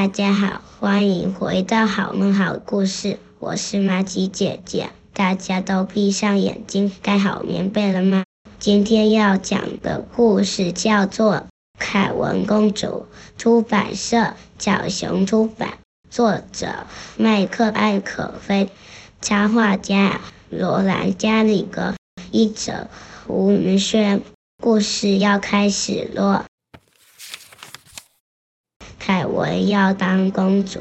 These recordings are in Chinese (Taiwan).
大家好，歡迎回到好夢好故事，我是瑪奇姐姐。大家都閉上眼睛，蓋好棉被了嗎？今天要講的故事叫做《凱文公主》，出版社：小熊出版，作者：麥克艾可菲，插畫家：羅蘭加里格，譯者：吳愉萱。故事要開始咯。凱文要當公主，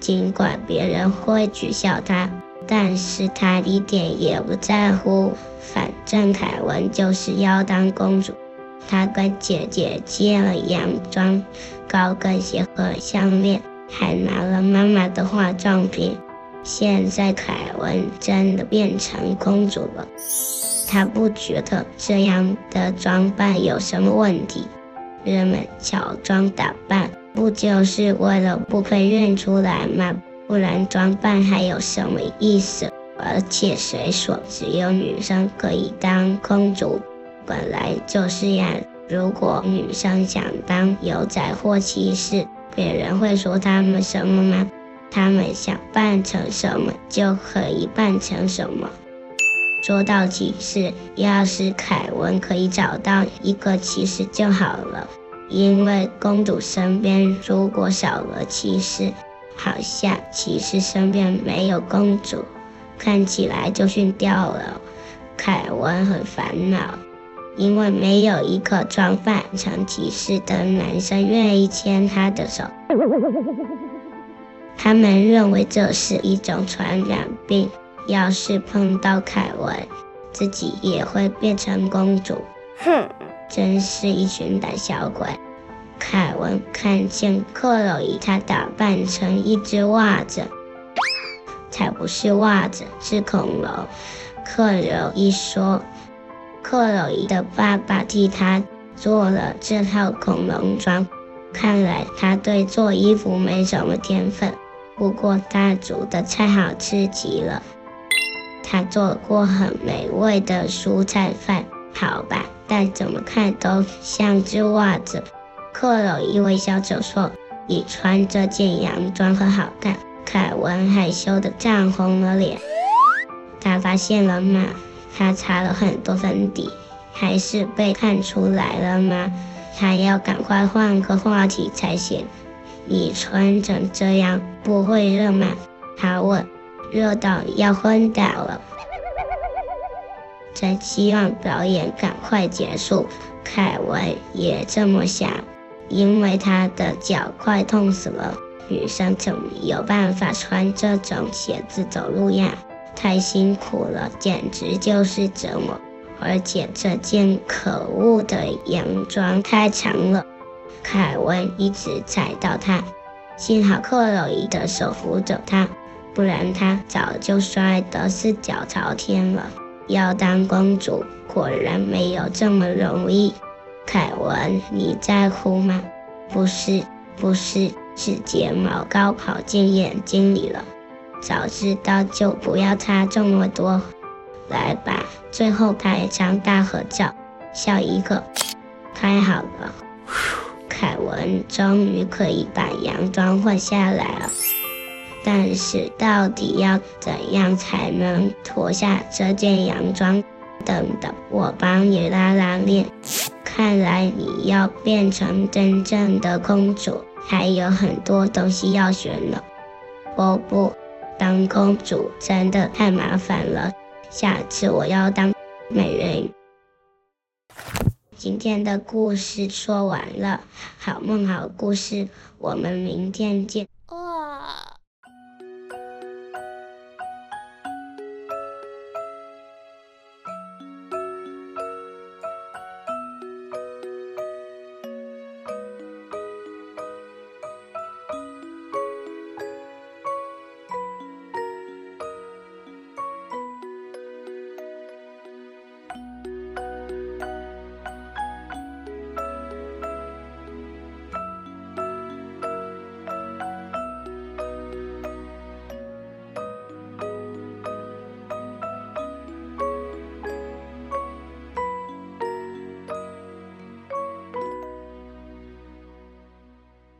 儘管別人會取笑他，但是他一點也不在乎。反正凱文就是要當公主。他跟姐姐借了洋裝、高跟鞋和項鏈，還拿了媽媽的化妝品。現在凱文真的變成公主了。他不覺得這樣的裝扮有什麼問題。人們喬裝打扮，不就是為了不被認出來嗎？不然裝扮還有什麼意思？而且誰說只有女生可以當公主？本來就是這樣。如果女生想當牛仔或騎士，別人會說她們什麼嗎？她們想扮成什麼就可以扮成什麼。說到騎士，要是凱文可以找到一個騎士就好了。因為公主身邊如果少了騎士，好像騎士身邊沒有公主，看起來就遜掉了。凱文很煩惱，因為沒有一個裝扮成騎士的男生願意牽他的手。他們認為這是一種傳染病，要是碰到凱文，自己也會變成公主。哼。真是一群膽小鬼！凱文看見克洛伊，他打扮成一只襪子，才不是襪子，是恐龍。克洛伊說：“克洛伊的爸爸替他做了這套恐龍裝，看來他對做衣服沒什麼天分。不過他煮的菜好吃極了，他做過很美味的蔬菜飯。”好吧，但怎麼看都像只襪子。克魯一位小丑說：“你穿這件洋裝很好看。”凱文害羞的漲紅了臉。他發現了嗎？他擦了很多粉底，還是被看出來了嗎？他要趕快換個話題才行。你穿成這樣不會熱嗎？他問。熱到要昏倒了。真希望表演趕快結束，凱文也這麼想，因為他的腳快痛死了。女生怎麼有辦法穿這種鞋子走路呀？太辛苦了，簡直就是折磨。而且這件可惡的洋裝太長了，凱文一直踩到它，幸好克洛伊的手扶着他，不然他早就摔得四腳朝天了。要當公主果然沒有這麼容易。凱文你在哭嗎？不是，不是，是睫毛膏跑進眼睛裡了。早知道就不要擦這麼多。來吧，最後拍一張大合照，笑一個。太好了，凱文終於可以把洋裝換下來了。但是，到底要怎樣才能脫下這件洋裝？等等，我幫你拉拉鏈。看來你要變成真正的公主，還有很多東西要學呢。不不，當公主真的太麻煩了。下次我要當美人魚。今天的故事說完了，好夢好故事，我們明天見。